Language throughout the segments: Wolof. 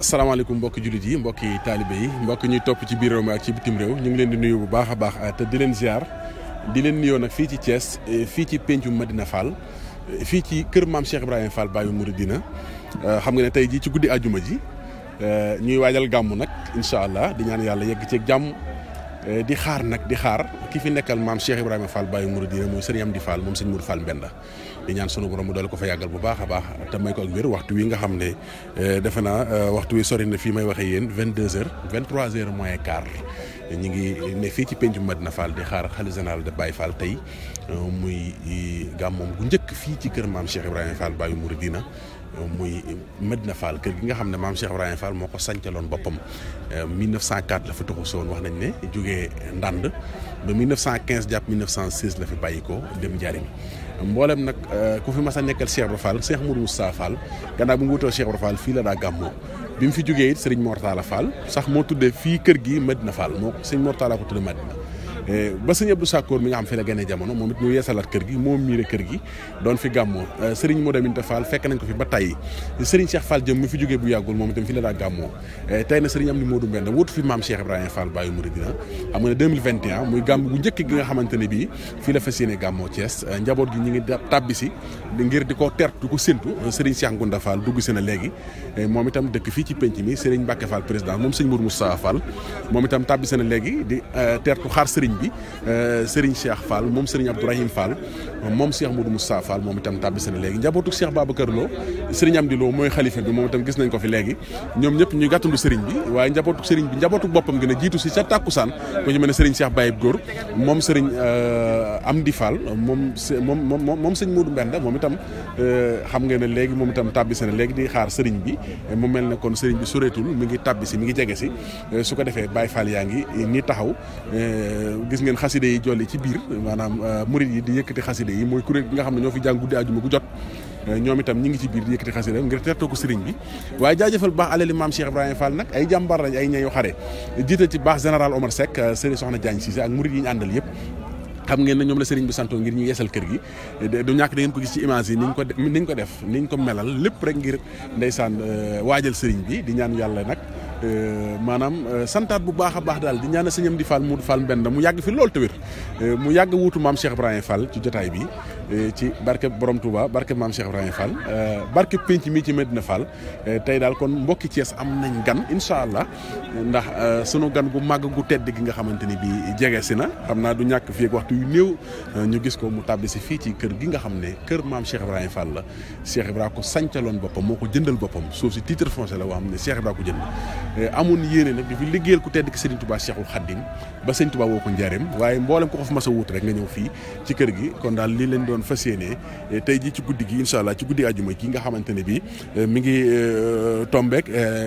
salaamaaleykum mbokki jullit yi mbokki taalibe yi mbokki ñuy topp ci biir réew mi ak ci bitim réew ñu ngi leen di nuyu bu baax a baax te di leen ziar di leen nuyoo nag fii ci cees fii ci Pencum dina faal fii ci kër maam Cheikh Ibrahima Fall Baye dina xam nga ne tey jii ci guddi àjjuma ji eh, ñuy waajal gàmm nag incha allah di ñaan yàlla yegg ci jàmm Eh, di xaar nag di xaar ki fi nekkal maam Cheikh Ibrahima Fall Baye Mouridina mooy sëriñ Amdi Fall moom sëñ Mourou Fall Mbenda di ñaan sunu borom mu doole ko fa yàggal bu baax a baax te may ko ak wér waxtu wi nga xam ne eh, defe naa eh, waxtu wi sori na fii may waxee vingt 22h 23h moins quart ñi ngi ne fii ci pencu Madina Fall di xaar xalifa général de Baye Fall tey euh, muy gàmmoom gu njëkk fii ci kër maam Cheikh Ibrahima Fall Baye Mouridina euh, muy Medina Fall kër gi nga xam ne maam Cheikh Ibrahima Fall moo ko sancaloon boppam 1904 euh, la fa taxu woon wax nañ ne jógee Ndande ba 1915 jàpp 1916 la fi bàyyi ko dem Njaaréem mboolem nag euh, ku fi mas a nekkal Cheikh Ibra Fall Cheikh saa Moussa Fall gannaaw bu mu wutoo Cheikh Ibra Fall fii la daa gàmmoo bi mu fi jógee it Serigne Mortala Fall sax moo tuddee fii kër gi Medina Fall moo Serigne Mortala ko tuddee Medina Eh, ba sëñ Abdou Sakkoor mi nga xam fi la gane jamono moom eh, itam eh, am ni Modou Mbenda wutu fi maam Cheikh Ibrahima Fall Baye Mouridina xam nga ne 2021 muy gàmm gu njëkk gi nga xamante ne bii fii la fas yéene gàmmoo Thiès njaboot gi ñu ngi tàbbi ngir di ko tertu ko séntu sëriñ Cheikh Ngounda Fall dugg si na léegi moom itam dëkk fii ci penc mi sëriñ Mbacke Fall président moom sëñ Mourou Moustapha Fall moom itam tàbbi si na léegi di tertu xaar sëriñ serigne bi euh, serigne Cheikh Fall mom serigne Abdourahim Fall mom Cheikh Modou Moussa Fall mom tam tàbbisi na léegi njabootu Cheikh Babacar Lo serigne Amdi Lo moy xalifa bi mom tam gis nañ ko fi léegi ñom ñep ñuy gàttandu serigne bi way njabotou serigne bi njabotou bopam gëna jitu ci si takusan tàkkusaan ko ñu mel serigne sëriñ Cheikh Bayib mom serigne euh Amdi Fall mom mom mom moom sëñ Modou Mbenda tam euh xam ngeen ne mom tam itam tàbbisi di xaar serigne bi mu melne kon serigne bi suretul mi ngi tàbbisi mi ngi jege si euh, su ko défé Baye Fall yaangi ngi ni taxaw euh, gis ngeen xaside yi jolli ci biir manam euh, murid yi di yëkkati xaside yi moy kurel nga xamne ñofi jangudi aljuma gu jot euh, ñoom itam ñi ngi ci biir di yëkkati xaside ngir tetto ko serigne bi waye jaajeufal baax alali maam Cheikh ibrahim Fall nak ay jambar lañ ay ñeyu xare jiite ci baax general Omar sek, euh, serigne Soxna Diagne ci ak murid yi ñu andal yépp xam ngeen ne ñoom la serigne bi santoo ngir ñu yeesal kër gi du ñàkk da ngeen ko gis ci image yi niñ ko niñ ko def niñ ko melal lépp rek ngir ndeysaan waajal serigne bi di ñaan yàlla nag Euh, maanaam euh, santaat bu baax a baax daal di ñaanal sëñam di mu Modou Fall Mbenda mu yàgg fi loolu te euh, mu yàgg wuutu maam Cheikh Ibrahima Fall ci jotaay bi Eh, ci barke borom Touba barke maam Cheikh Ibrahima Fall eh, barke penc mi ci Medina faal eh, tey daal kon mbokki cees am nañ gan incha allah ndax sunu gan gu màgg gu tedd gi nga xamante ni bii jege si na xam naa du ñàkk fii ak waxtu yu ñu gis ko mu tàbbi si fii ci kër gi nga xam ne kër maam Cheikh Ibrahima Fall la Cheikh Ibrahima ko sancaloon boppam moo ko jëndal boppam suuf si titre foncier la boo xam ne Cheikh Ibrahima ko jënd amoon yéene nag dafa liggéeyal ku tedd ki Serigne Touba Cheikhul Khadim ba Serigne Touba woo ko njaareem waaye mboolem ko fa mas a wut rek nga ñëw fii ci kër gi kon daal lii doon fas yéene eh, tey jii ci guddi gi incha allah ci guddi ajuma gi nga xamante ne bii eh, mi ngi eh, tombeek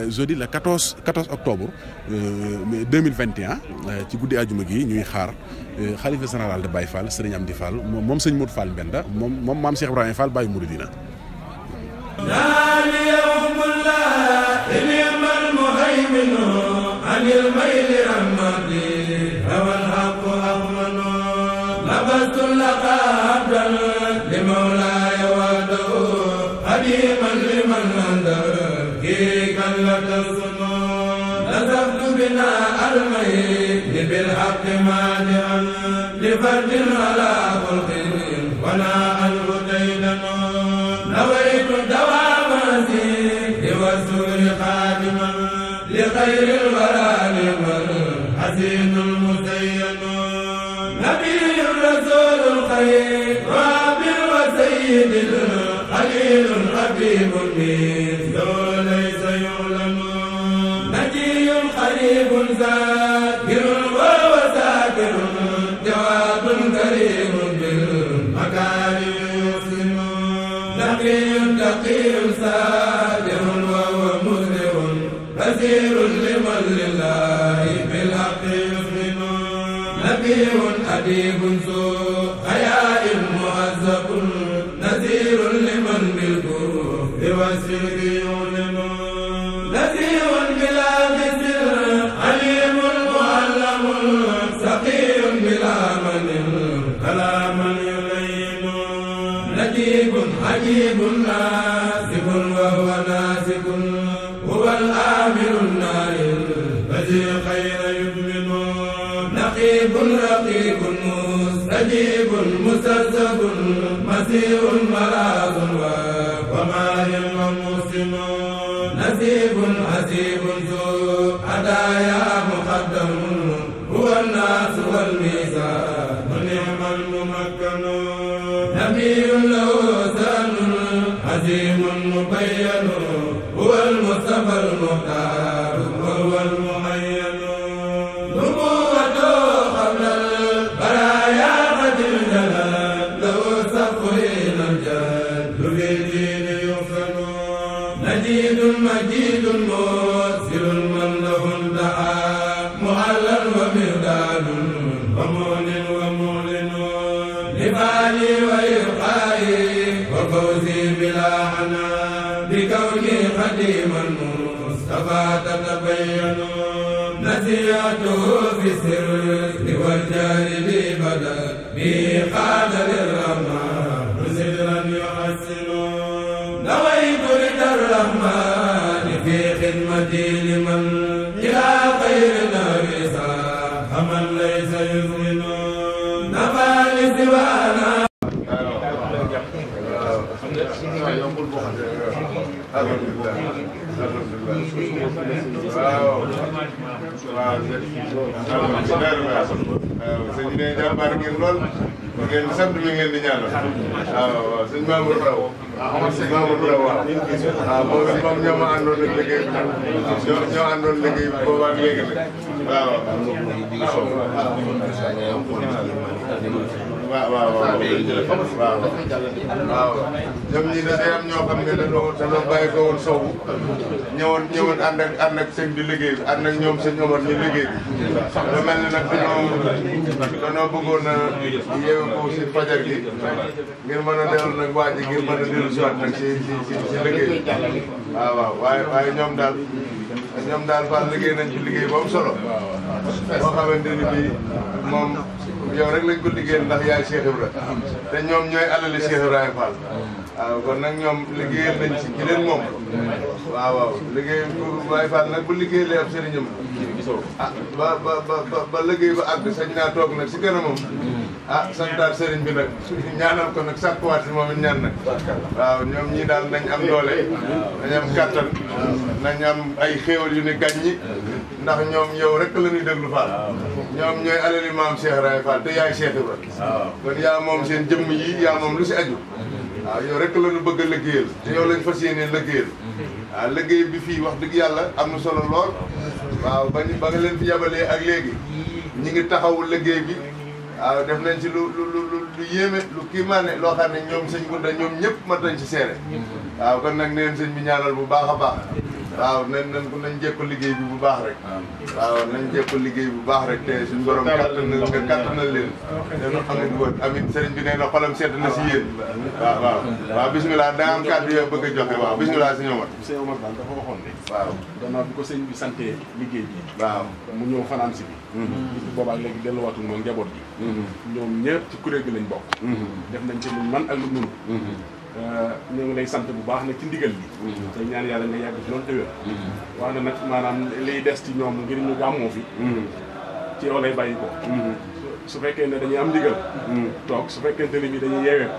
jeudi le 14 14 octobre 2021 ci guddi ajuma gi ñuy xaar xalifa général de Baye Fall sëriñ Amdi Fall moom sëñ Modou Fall Mbenda moom moom maam Cheikh Ibrahima Fall Baye Mouridina. عن الميل عن مرضي Amin خير رابر وسيد خليل حبيب مثل ليس يعلم نجي قريب ذاكر وذاكر جواب كريم بالمكارم يسلم نقي تقي سادر وهو مذنب نذير لمن لله بالحق يسلم نبي أديب زور من يليل نجيب حجيب ناسف وهو ناسف هو الآمر النائل بجي خير يدمن نقيب رقيب مستجيب مسلسل مسيء ملاذ وما هم مسلم نسيب عسيب يفاني ويحايي وفوزي بلا حنان بكوني قديما مصطفى تتبين نسيته في السر والجار لي بدل ميقات للرحمن سترا يحسن نويت رضا الرحمن في خدمتي لمن waaw waaw sëñ bi day jàmbaar ngeen lool ngeen sant mi ngeen di ñaanal waaw waaw sëñ Mamour Ndaw waaw sëñ Mamour Ndaw waaw waaw moom si moom ñoo ma àndoon ak liggéey bi ñoo ñoo àndoon liggéey bi boobaa léegi nag waaw waaw waaw waaw waaw waaw ñoom ñii da day am ñoo xam ne dañoo dañoo bàyyi ko woon sowu ñëwoon ñëwoon ànd ak ànd ak sëñ bi liggéey bi ànd ak ñoom sëñ Omar ñu liggéey bi da mel ni nag dañoo dañoo bëggoon a yeewu ko si fajar gi ngir mën a dellu nag waa ji ngir mën a dellu si waat nag si si si si liggéey bi waaw waaw waaye waaye ñoom daal ñoom daal Fall liggéey nañ ci liggéey boobu solo boo xamante ni bii moom yow rek lañ ko liggéeyal ndax yaay Cheikh Ibra te ñoom ñooy alali Cheikh Ibrahima Fall waaw kon nag ñoom liggéeyal nañ ci ki leen moom waaw waaw liggéey Baye Fall nag bu liggéeyalee ab sëriñam ah ba ba ba ba liggéey ba àgg sañ naa toog nag si kanamam ah santaat sëriñ bi nag ñaanal ko nag sàkkuwaat si moom it ñaan nag waaw ñoom ñii daal nañ am doole nañ am kàttan nañ am ay xéewal yu ne gàññi ndax ñoom yow rek la ñuy déglu Fall. ñoom ñooy alali maam Cheikh Ray Fall te yaay Cheikh Ibra. kon yaa moom seen jëmm yi yaa moom lu si aju. waaw yow rek la ñu bëgg a te yow lañ fas yéenee liggéeyal. waaw liggéey bi fii wax dëgg yàlla am na solo lool. waaw ba ñu ba nga leen fi yabalee ak léegi. ñi ngi taxawu liggéey bi. waaw def nañ ci lu lu lu lu yéeme lu kii maa loo xam ne ñoom sëñ Gunda ñoom ñëpp mat nañ ci seere. waaw kon nag neen sëñ bi ñaanal bu baax a baax. waaw nañ nañ ko nañ jékko liggéey bi bu baax rek waaw nañ jékko liggéey bu baax rek te suñu borom kattan na nga na leen dana amit woon amit sëriñ bi nee na xolam sedd na si yéen waaw waaw bismillah da nga am kàddu yoo bëgg a joxe waaw bismillah sëñ Omar sëñ Omar daal dafa waxoon ne waaw danaa bu ko sëñ bi santee liggéey bi waaw mu ñëw fanaan si bi bis mm-hmm. bi boobaak léegi delluwaatul moom njaboot gi mm-hmm. ñoom ñëpp ci kuréel gi lañ bokk mm-hmm. def nañ ci man ak lu mënu Euh, ñu ngi lay sant bu baax na ci ndigal li mm-hmm. tey ñaan yàlla nga yàgg fi loolu te wér mm-hmm. wax na nag maanaam liy des ci ñoom ngir ñu gàmmoo fi mm-hmm. ci yow lay bàyyi ko su fekkee ne dañuy am ndigal toog su fekkente ne bi dañuy yeewee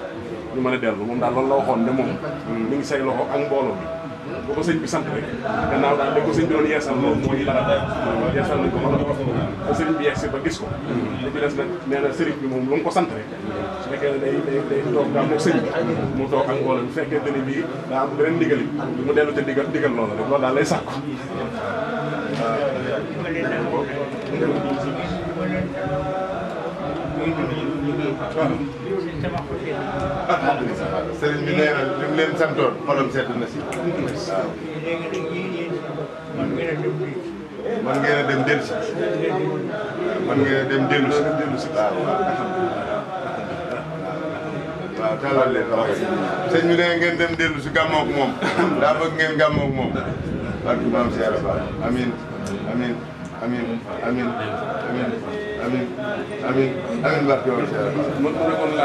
ñu mën a dellu moom daal loolu la waxoon ne moom mi ngi say loxo ak mbooloo bi boo ko sëñ bi sant rek gannaaw daal dañ ko sëñ bi doon yeesal moom mooy dara yeesal nañ ko ma doon ko ba sëñ bi yees ba gis ko li ci des nag nee na sëriñ bi moom lu mu ko sant rek su fekkee ne day day day toog daal moom sëñ bi mu toog ak mbooloo bu fekkee dene bii daa am beneen ndigal yi mu dellu te digal digal loola rek loolu daal lay sàkk waaw alhamdulilah sëriñ bi nee na li mu leen santoon xolam si. waaw. mën a dem dellu si. mën dellu si dellu si waaw waaw tàllal leen loxo dem dellu si gàmmoog moom daa bëgg ngeen gàmmoog moom barke maam Cheikh Rafa amiin amiin amiin amiin amiin amiin amiin barke woon si yàlla.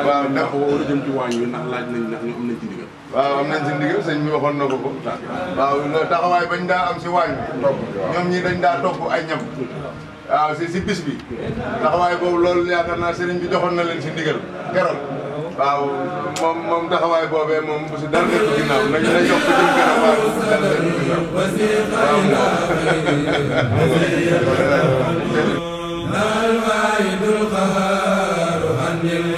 waaw ndax war a jëm ci waañ wi ndax laaj nañ ndax ñu am nañ ci ndigal. waaw am nañ si ndigal sëñ bi waxoon na ko ko. waaw taxawaay bañ daa am si waañ bi ñoom ñii dañ daa topp ay ñam. waaw si si bis bi. taxawaay boobu loolu yaakaar naa sëriñ bi joxoon na leen si ndigal keroog. waaw moom moom taxawaay boobee moom bu si dara nekk ginnaaw nag ñu lay jox ko jëm kanam waaye bu si dara nekk ginnaaw waaw. ما الواحد القهار هني